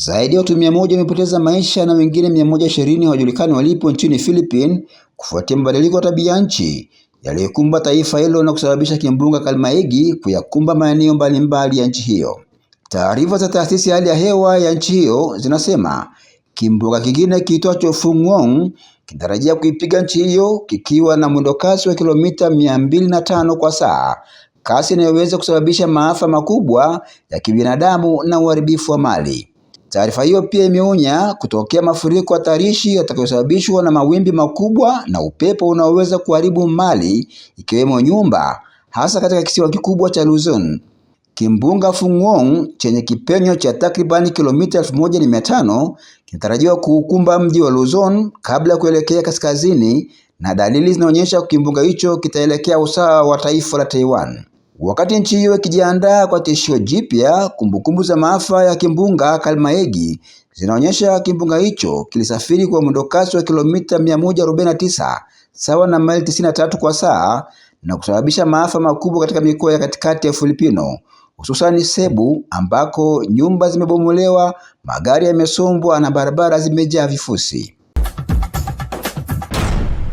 Zaidi ya watu mia moja wamepoteza maisha na wengine mia moja ishirini hawajulikani walipo nchini Philippines kufuatia mabadiliko ya tabia nchi yaliyokumba taifa hilo na kusababisha kimbunga Kalmaegi kuyakumba maeneo mbalimbali ya nchi hiyo. Taarifa za taasisi ya hali ya hewa ya nchi hiyo zinasema kimbunga kingine kiitwacho Fungwong kinatarajia kuipiga nchi hiyo kikiwa na mwendokasi wa kilomita mia mbili na tano kwa saa, kasi inayoweza kusababisha maafa makubwa ya kibinadamu na uharibifu wa mali. Taarifa hiyo pia imeonya kutokea mafuriko hatarishi yatakayosababishwa na mawimbi makubwa na upepo unaoweza kuharibu mali ikiwemo nyumba, hasa katika kisiwa kikubwa cha Luzon. Kimbunga Fungwong chenye kipenyo cha takriban kilomita 1500 kinatarajiwa kuukumba mji wa Luzon kabla ya kuelekea kaskazini, na dalili zinaonyesha kimbunga hicho kitaelekea usawa wa taifa la Taiwan. Wakati nchi hiyo ikijiandaa kwa tishio jipya, kumbukumbu za maafa ya kimbunga Kalmaegi zinaonyesha kimbunga hicho kilisafiri kwa mwendokasi wa kilomita 149 sawa na maili 93 kwa saa na kusababisha maafa makubwa katika mikoa ya katikati ya Filipino hususani Cebu ambako nyumba zimebomolewa, magari yamesombwa na barabara zimejaa vifusi.